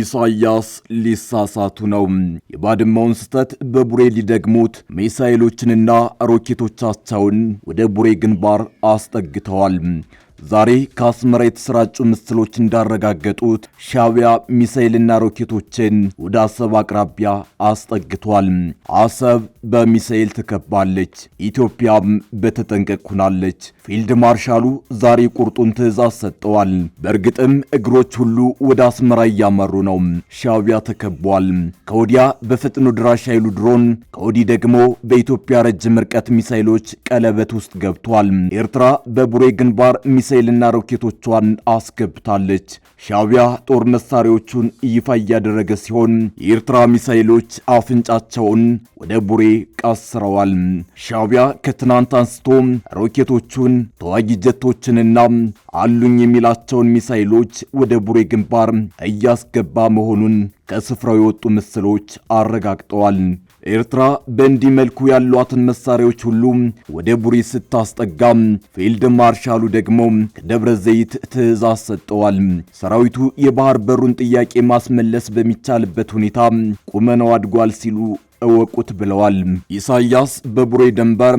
ኢሳያስ ሊሳሳቱ ነው። የባድመውን ስህተት በቡሬ ሊደግሙት ሚሳኤሎችንና ሮኬቶቻቸውን ወደ ቡሬ ግንባር አስጠግተዋል። ዛሬ ከአስመራ የተሰራጩ ምስሎች እንዳረጋገጡት ሻቢያ ሚሳኤልና ሮኬቶችን ወደ አሰብ አቅራቢያ አስጠግቷል። አሰብ በሚሳኤል ተከባለች፣ ኢትዮጵያም በተጠንቀቅ ሆናለች። ፊልድ ማርሻሉ ዛሬ ቁርጡን ትዕዛዝ ሰጠዋል። በእርግጥም እግሮች ሁሉ ወደ አስመራ እያመሩ ነው። ሻቢያ ተከቧል። ከወዲያ በፈጥኖ ድራሽ ኃይሉ ድሮን፣ ከወዲህ ደግሞ በኢትዮጵያ ረጅም ርቀት ሚሳኤሎች ቀለበት ውስጥ ገብቷል። ኤርትራ በቡሬ ግንባር ሚ ሚሳኤልና ሮኬቶቿን አስገብታለች። ሻቢያ ጦር መሳሪያዎቹን ይፋ እያደረገ ሲሆን የኤርትራ ሚሳኤሎች አፍንጫቸውን ወደ ቡሬ ቀስረዋል። ሻቢያ ከትናንት አንስቶ ሮኬቶቹን፣ ተዋጊ ጀቶችንና አሉኝ የሚላቸውን ሚሳኤሎች ወደ ቡሬ ግንባር እያስገባ መሆኑን ከስፍራው የወጡ ምስሎች አረጋግጠዋል። ኤርትራ በእንዲህ መልኩ ያሏትን መሳሪያዎች ሁሉ ወደ ቡሬ ስታስጠጋ፣ ፊልድ ማርሻሉ ደግሞ ከደብረ ዘይት ትዕዛዝ ሰጠዋል። ሰራዊቱ የባህር በሩን ጥያቄ ማስመለስ በሚቻልበት ሁኔታ ቁመነው አድጓል ሲሉ እወቁት ብለዋል። ኢሳያስ በቡሬ ድንበር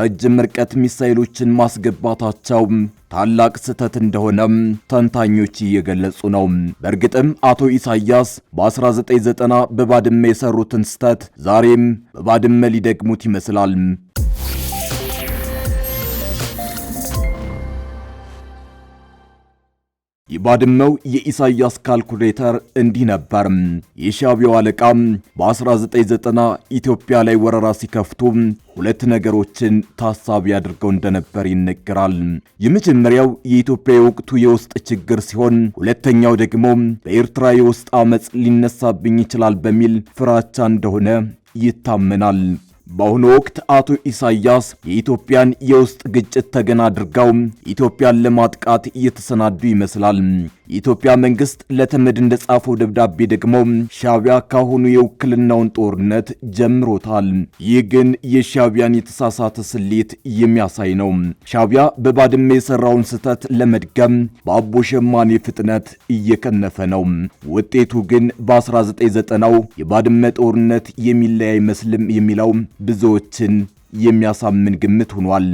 ረጅም ርቀት ሚሳኤሎችን ማስገባታቸው ታላቅ ስህተት እንደሆነ ተንታኞች እየገለጹ ነው። በእርግጥም አቶ ኢሳያስ በ1990 በባድመ የሰሩትን ስህተት ዛሬም በባድመ ሊደግሙት ይመስላል። የባድመው የኢሳያስ ካልኩሌተር እንዲህ ነበር። የሻቢያው አለቃ በ1990 ኢትዮጵያ ላይ ወረራ ሲከፍቱ ሁለት ነገሮችን ታሳቢ አድርገው እንደነበር ይነገራል። የመጀመሪያው የኢትዮጵያ የወቅቱ የውስጥ ችግር ሲሆን፣ ሁለተኛው ደግሞ በኤርትራ የውስጥ አመፅ ሊነሳብኝ ይችላል በሚል ፍራቻ እንደሆነ ይታመናል። በአሁኑ ወቅት አቶ ኢሳያስ የኢትዮጵያን የውስጥ ግጭት ተገን አድርገው ኢትዮጵያን ለማጥቃት እየተሰናዱ ይመስላል። የኢትዮጵያ መንግስት ለተመድ እንደጻፈው ደብዳቤ ደግሞ ሻቢያ ካሁኑ የውክልናውን ጦርነት ጀምሮታል። ይህ ግን የሻቢያን የተሳሳተ ስሌት የሚያሳይ ነው። ሻቢያ በባድመ የሰራውን ስህተት ለመድገም በአቦ ሸማኔ ፍጥነት እየከነፈ ነው። ውጤቱ ግን በ1990ው የባድመ ጦርነት የሚለይ አይመስልም የሚለው ብዙዎችን የሚያሳምን ግምት ሆኗል።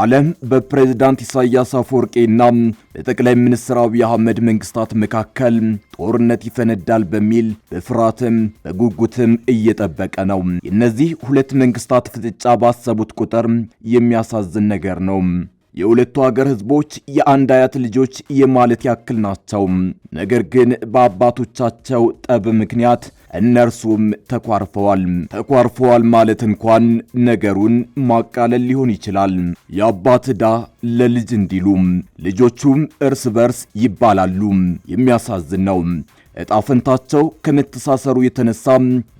ዓለም በፕሬዝዳንት ኢሳያስ አፈወርቄና በጠቅላይ ሚኒስትር አብይ አህመድ መንግስታት መካከል ጦርነት ይፈነዳል በሚል በፍርሃትም በጉጉትም እየጠበቀ ነው። የእነዚህ ሁለት መንግስታት ፍጥጫ ባሰቡት ቁጥር የሚያሳዝን ነገር ነው። የሁለቱ ሀገር ህዝቦች የአንድ አያት ልጆች የማለት ያክል ናቸው። ነገር ግን በአባቶቻቸው ጠብ ምክንያት እነርሱም ተኳርፈዋል። ተኳርፈዋል ማለት እንኳን ነገሩን ማቃለል ሊሆን ይችላል። የአባት ዕዳ ለልጅ እንዲሉ ልጆቹም እርስ በርስ ይባላሉ። የሚያሳዝን ነው። እጣፈንታቸው ከመተሳሰሩ የተነሳ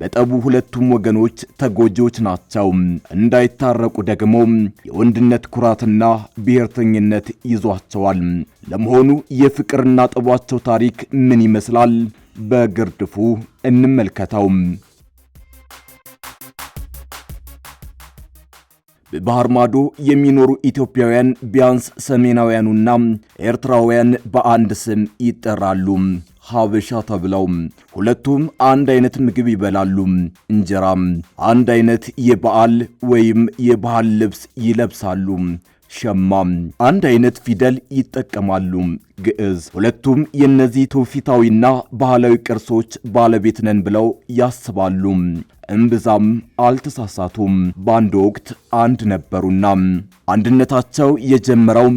በጠቡ ሁለቱም ወገኖች ተጎጂዎች ናቸው። እንዳይታረቁ ደግሞ የወንድነት ኩራትና ብሔርተኝነት ይዟቸዋል። ለመሆኑ የፍቅርና ጠቧቸው ታሪክ ምን ይመስላል? በግርድፉ እንመልከተውም። በባህር ማዶ የሚኖሩ ኢትዮጵያውያን ቢያንስ ሰሜናውያኑና ኤርትራውያን በአንድ ስም ይጠራሉ፣ ሀበሻ ተብለው። ሁለቱም አንድ አይነት ምግብ ይበላሉ፣ እንጀራም። አንድ አይነት የበዓል ወይም የባህል ልብስ ይለብሳሉ፣ ሸማ አንድ አይነት ፊደል ይጠቀማሉ። ግዕዝ ሁለቱም የእነዚህ ትውፊታዊና ባህላዊ ቅርሶች ባለቤት ነን ብለው ያስባሉ። እምብዛም አልተሳሳቱም። በአንድ ወቅት አንድ ነበሩና አንድነታቸው የጀመረው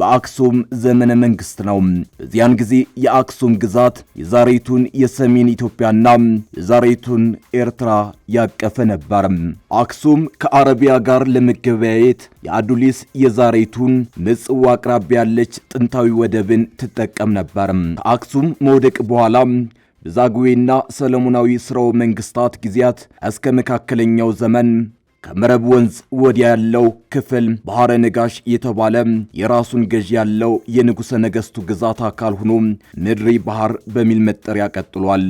በአክሱም ዘመነ መንግስት ነው። በዚያን ጊዜ የአክሱም ግዛት የዛሬቱን የሰሜን ኢትዮጵያና የዛሬቱን ኤርትራ ያቀፈ ነበር። አክሱም ከአረቢያ ጋር ለመገበያየት የአዱሊስ የዛሬቱን ምጽዋ አቅራቢያ ያለች ጥንታዊ ወደብን ትጠቀም ነበር። ከአክሱም መውደቅ በኋላ በዛጉዌና ሰለሞናዊ ስርወ መንግስታት ጊዜያት እስከ መካከለኛው ዘመን ከመረብ ወንዝ ወዲያ ያለው ክፍል ባህረ ነጋሽ የተባለ የራሱን ገዢ ያለው የንጉሠ ነገሥቱ ግዛት አካል ሆኖ ምድሪ ባህር በሚል መጠሪያ ቀጥሏል።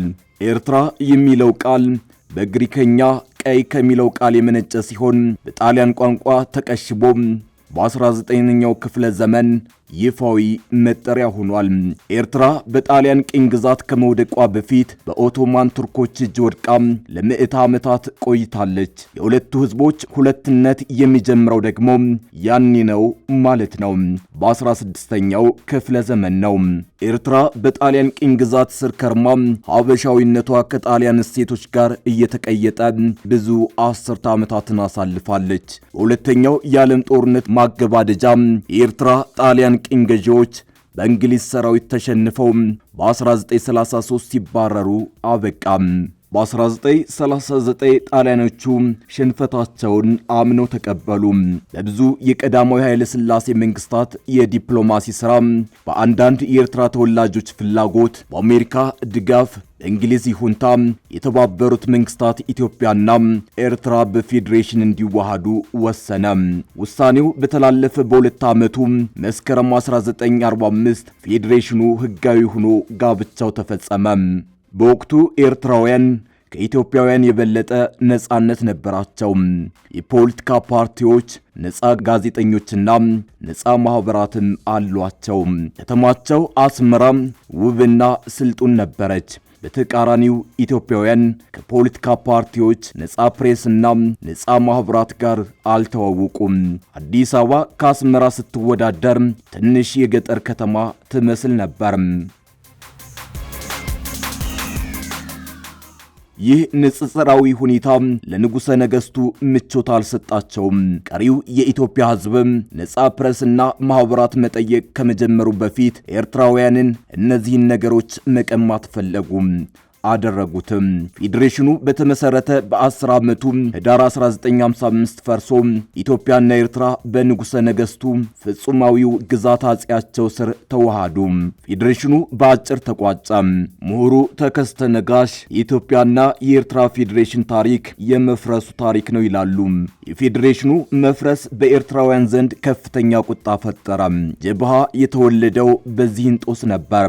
ኤርትራ የሚለው ቃል በግሪከኛ ቀይ ከሚለው ቃል የመነጨ ሲሆን በጣሊያን ቋንቋ ተቀሽቦ በ19ኛው ክፍለ ዘመን ይፋዊ መጠሪያ ሆኗል። ኤርትራ በጣሊያን ቅኝ ግዛት ከመውደቋ በፊት በኦቶማን ቱርኮች እጅ ወድቃ ለምዕተ ዓመታት ቆይታለች። የሁለቱ ህዝቦች ሁለትነት የሚጀምረው ደግሞ ያኔ ነው ማለት ነው። በ16ኛው ክፍለ ዘመን ነው። ኤርትራ በጣሊያን ቅኝ ግዛት ስር ከርማ ሀበሻዊነቷ ከጣሊያን እሴቶች ጋር እየተቀየጠ ብዙ አስርተ ዓመታትን አሳልፋለች። በሁለተኛው የዓለም ጦርነት ማገባደጃ የኤርትራ ጣሊያን ቅኝ ገዢዎች በእንግሊዝ ሰራዊት ተሸንፈው በ1933 ሲባረሩ አበቃም። በ1939 ጣሊያኖቹ ሽንፈታቸውን አምነው ተቀበሉ። ለብዙ የቀዳማዊ ኃይለ ሥላሴ መንግስታት የዲፕሎማሲ ሥራ በአንዳንድ የኤርትራ ተወላጆች ፍላጎት በአሜሪካ ድጋፍ በእንግሊዝ ይሁንታ የተባበሩት መንግስታት ኢትዮጵያና ኤርትራ በፌዴሬሽን እንዲዋሃዱ ወሰነ። ውሳኔው በተላለፈ በሁለት ዓመቱ መስከረም 1945 ፌዴሬሽኑ ህጋዊ ሆኖ ጋብቻው ተፈጸመ። በወቅቱ ኤርትራውያን ከኢትዮጵያውያን የበለጠ ነጻነት ነበራቸው። የፖለቲካ ፓርቲዎች ነጻ ጋዜጠኞችና ነጻ ማኅበራትም አሏቸው። ከተማቸው አስመራ ውብና ስልጡን ነበረች። በተቃራኒው ኢትዮጵያውያን ከፖለቲካ ፓርቲዎች ነጻ ፕሬስና ነጻ ማኅበራት ጋር አልተዋወቁም። አዲስ አበባ ከአስመራ ስትወዳደር ትንሽ የገጠር ከተማ ትመስል ነበር። ይህ ንጽጽራዊ ሁኔታ ለንጉሠ ነገሥቱ ምቾት አልሰጣቸውም። ቀሪው የኢትዮጵያ ሕዝብ ነጻ ፕረስና ማኅበራት መጠየቅ ከመጀመሩ በፊት ኤርትራውያንን እነዚህን ነገሮች መቀማት ፈለጉ። አደረጉትም። ፌዴሬሽኑ በተመሰረተ በ10 ዓመቱ ህዳር 1955 ፈርሶ ኢትዮጵያና ኤርትራ በንጉሠ ነገሥቱ ፍጹማዊው ግዛት አጼያቸው ስር ተዋሃዱ። ፌዴሬሽኑ በአጭር ተቋጨ። ምሁሩ ተከስተ ነጋሽ የኢትዮጵያና የኤርትራ ፌዴሬሽን ታሪክ የመፍረሱ ታሪክ ነው ይላሉ። የፌዴሬሽኑ መፍረስ በኤርትራውያን ዘንድ ከፍተኛ ቁጣ ፈጠረ። ጀብሃ የተወለደው በዚህ እንጦስ ነበር።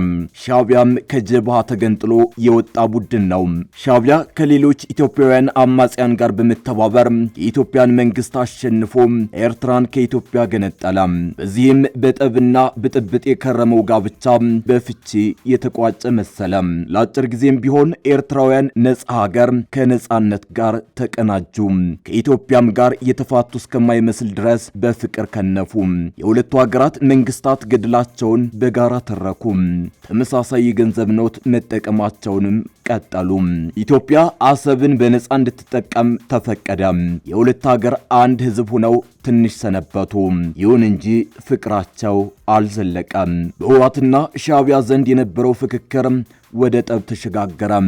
ሻቢያም ከጀብሃ ተገንጥሎ የወጣ ቡድን ነው። ሻቢያ ከሌሎች ኢትዮጵያውያን አማጽያን ጋር በመተባበር የኢትዮጵያን መንግስት አሸንፎ ኤርትራን ከኢትዮጵያ ገነጠለ። በዚህም በጠብና ብጥብጥ የከረመው ጋብቻ በፍቺ የተቋጨ መሰለ። ለአጭር ጊዜም ቢሆን ኤርትራውያን ነጻ ሀገር ከነጻነት ጋር ተቀናጁ። ከኢትዮጵያም ጋር የተፋቱ እስከማይመስል ድረስ በፍቅር ከነፉ። የሁለቱ ሀገራት መንግስታት ገድላቸውን በጋራ ተረኩ። ተመሳሳይ የገንዘብ ኖት መጠቀማቸውንም ቀጠሉ። ኢትዮጵያ አሰብን በነጻ እንድትጠቀም ተፈቀደ። የሁለት ሀገር አንድ ህዝብ ሆነው ትንሽ ሰነበቱ። ይሁን እንጂ ፍቅራቸው አልዘለቀም። በህወሓትና ሻዕቢያ ዘንድ የነበረው ፍክክር ወደ ጠብ ተሸጋገረም።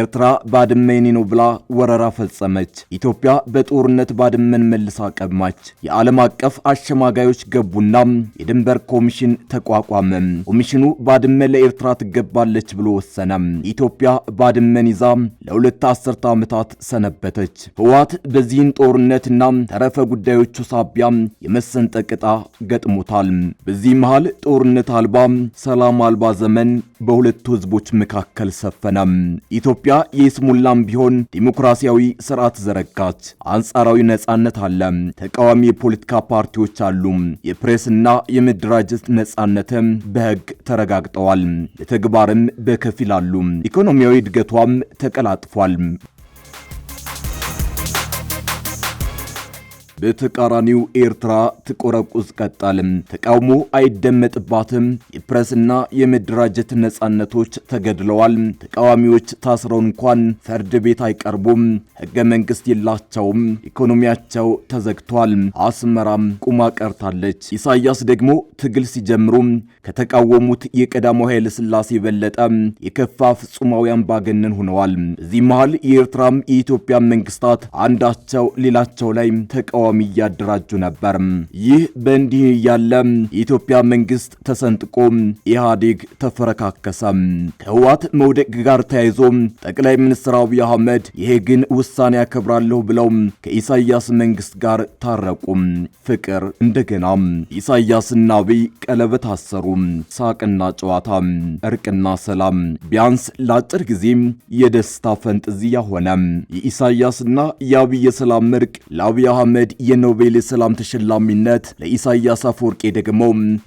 ኤርትራ ባድመ የኔ ነው ብላ ወረራ ፈጸመች። ኢትዮጵያ በጦርነት ባድመን መልሳ ቀማች። የዓለም አቀፍ አሸማጋዮች ገቡና የድንበር ኮሚሽን ተቋቋመ። ኮሚሽኑ ባድመ ለኤርትራ ትገባለች ብሎ ወሰነ። ኢትዮጵያ ባድመን ይዛ ለሁለት አስርተ ዓመታት ሰነበተች። ህወሓት በዚህን ጦርነትና ተረፈ ጉዳዮቹ ሳቢያ የመሰንጠቅ ዕጣ ገጥሞታል። በዚህ መሃል ጦርነት አልባ ሰላም አልባ ዘመን በሁለቱ ህዝቦች መካከል ሰፈነ። ኢትዮጵያ የስሙላም ቢሆን ዲሞክራሲያዊ ስርዓት ዘረጋች። አንጻራዊ ነጻነት አለ። ተቃዋሚ የፖለቲካ ፓርቲዎች አሉ። የፕሬስና የመደራጀት ነጻነትም በሕግ ተረጋግጠዋል። በተግባርም በከፊል አሉ። ኢኮኖሚያዊ እድገቷም ተቀላጥፏል። በተቃራኒው ኤርትራ ትቆረቁዝ ቀጣልም፣ ተቃውሞ አይደመጥባትም፣ የፕሬስና የመደራጀት ነጻነቶች ተገድለዋል፣ ተቃዋሚዎች ታስረው እንኳን ፍርድ ቤት አይቀርቡም፣ ህገ መንግስት የላቸውም፣ ኢኮኖሚያቸው ተዘግቷል፣ አስመራም ቁማ ቀርታለች። ኢሳያስ ደግሞ ትግል ሲጀምሩ ከተቃወሙት የቀዳማው ኃይለ ሥላሴ የበለጠ የከፋ ፍጹማዊ አምባገነን ሆነዋል። እዚህ መሃል የኤርትራም የኢትዮጵያ መንግስታት አንዳቸው ሌላቸው ላይ ተቃዋ ተቃዋሚ እያደራጁ ነበር። ይህ በእንዲህ እያለ የኢትዮጵያ መንግስት ተሰንጥቆ ኢህአዴግ ተፈረካከሰ። ከህዋት መውደቅ ጋር ተያይዞ ጠቅላይ ሚኒስትር አብይ አህመድ ግን ውሳኔ ያከብራለሁ ብለው ከኢሳያስ መንግስት ጋር ታረቁ። ፍቅር እንደገና ኢሳያስና አብይ ቀለበት አሰሩ። ሳቅና ጨዋታ፣ እርቅና ሰላም ቢያንስ ለአጭር ጊዜ የደስታ ፈንጥዝያ ሆነ። የኢሳያስና የአብይ የሰላም እርቅ ለአብይ አህመድ የኖቤል የሰላም ተሸላሚነት ለኢሳያስ አፈወርቄ ደግሞ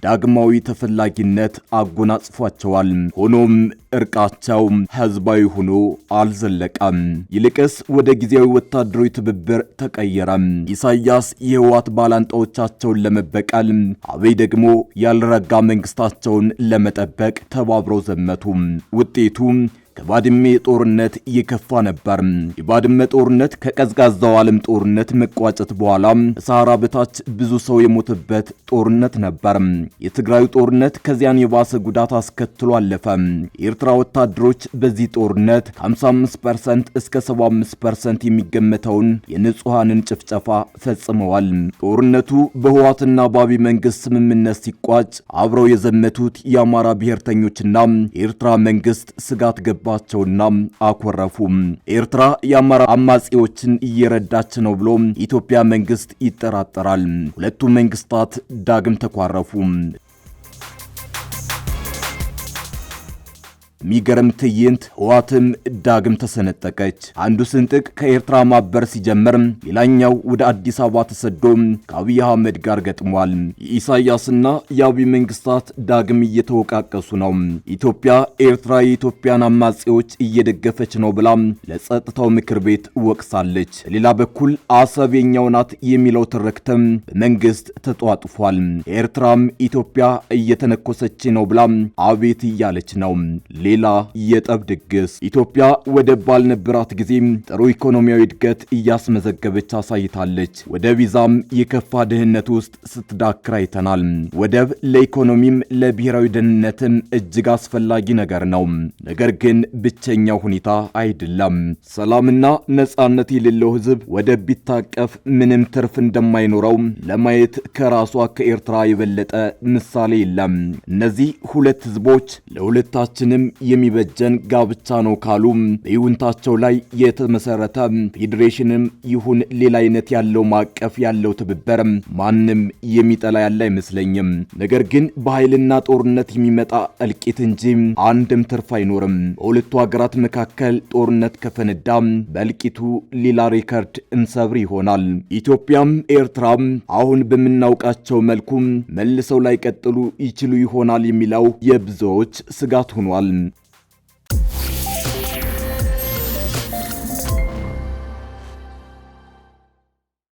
ዳግማዊ ተፈላጊነት አጎናጽፏቸዋል። ሆኖም እርቃቸው ህዝባዊ ሆኖ አልዘለቀም። ይልቅስ ወደ ጊዜያዊ ወታደራዊ ትብብር ተቀየረ። ኢሳያስ የህወሓት ባላንጣዎቻቸውን ለመበቀል፣ አብይ ደግሞ ያልረጋ መንግስታቸውን ለመጠበቅ ተባብረው ዘመቱ። ውጤቱ ከባድሜ ጦርነት የከፋ ነበር። የባድመ ጦርነት ከቀዝቃዛው ዓለም ጦርነት መቋጨት በኋላ ከሰሃራ በታች ብዙ ሰው የሞተበት ጦርነት ነበር። የትግራዩ ጦርነት ከዚያን የባሰ ጉዳት አስከትሎ አለፈ። የኤርትራ ወታደሮች በዚህ ጦርነት 55% እስከ 75% የሚገመተውን የንጹሃንን ጭፍጨፋ ፈጽመዋል። ጦርነቱ በህዋትና በአቢ መንግስት ስምምነት ሲቋጭ አብረው የዘመቱት የአማራ ብሔርተኞችና የኤርትራ መንግስት ስጋት ገባቸውና አኮረፉ። ኤርትራ የአማራ አማጺዎችን እየረዳች ነው ብሎ የኢትዮጵያ መንግስት ይጠራጠራል። ሁለቱ መንግስታት ዳግም ተኳረፉ። የሚገርም ትዕይንት፣ ህዋትም ዳግም ተሰነጠቀች። አንዱ ስንጥቅ ከኤርትራ ማበር ሲጀምር፣ ሌላኛው ወደ አዲስ አበባ ተሰዶ ከአብይ አህመድ ጋር ገጥሟል። የኢሳያስና የአብይ መንግስታት ዳግም እየተወቃቀሱ ነው። ኢትዮጵያ ኤርትራ የኢትዮጵያን አማጺዎች እየደገፈች ነው ብላ ለጸጥታው ምክር ቤት ወቅሳለች። በሌላ በኩል አሰብ የኛው ናት የሚለው ትርክትም በመንግስት ተጧጥፏል። ኤርትራም ኢትዮጵያ እየተነኮሰች ነው ብላ አቤት እያለች ነው። ሌላ የጠብ ድግስ። ኢትዮጵያ ወደብ ባልነበራት ጊዜም ጥሩ ኢኮኖሚያዊ እድገት እያስመዘገበች አሳይታለች። ወደብ ይዛም የከፋ ድህነት ውስጥ ስትዳክር አይተናል። ወደብ ለኢኮኖሚም ለብሔራዊ ደህንነትም እጅግ አስፈላጊ ነገር ነው። ነገር ግን ብቸኛው ሁኔታ አይደለም። ሰላምና ነጻነት የሌለው ህዝብ ወደብ ቢታቀፍ ምንም ትርፍ እንደማይኖረው ለማየት ከራሷ ከኤርትራ የበለጠ ምሳሌ የለም። እነዚህ ሁለት ህዝቦች ለሁለታችንም የሚበጀን ጋብቻ ነው ካሉ በይሁንታቸው ላይ የተመሰረተ ፌዴሬሽንም ይሁን ሌላ አይነት ያለው ማቀፍ ያለው ትብበር ማንም የሚጠላ ያለ አይመስለኝም። ነገር ግን በኃይልና ጦርነት የሚመጣ እልቂት እንጂ አንድም ትርፍ አይኖርም። በሁለቱ ሀገራት መካከል ጦርነት ከፈነዳ በእልቂቱ ሌላ ሪከርድ እንሰብር ይሆናል። ኢትዮጵያም ኤርትራም አሁን በምናውቃቸው መልኩ መልሰው ላይቀጥሉ ይችሉ ይሆናል የሚለው የብዙዎች ስጋት ሆኗል።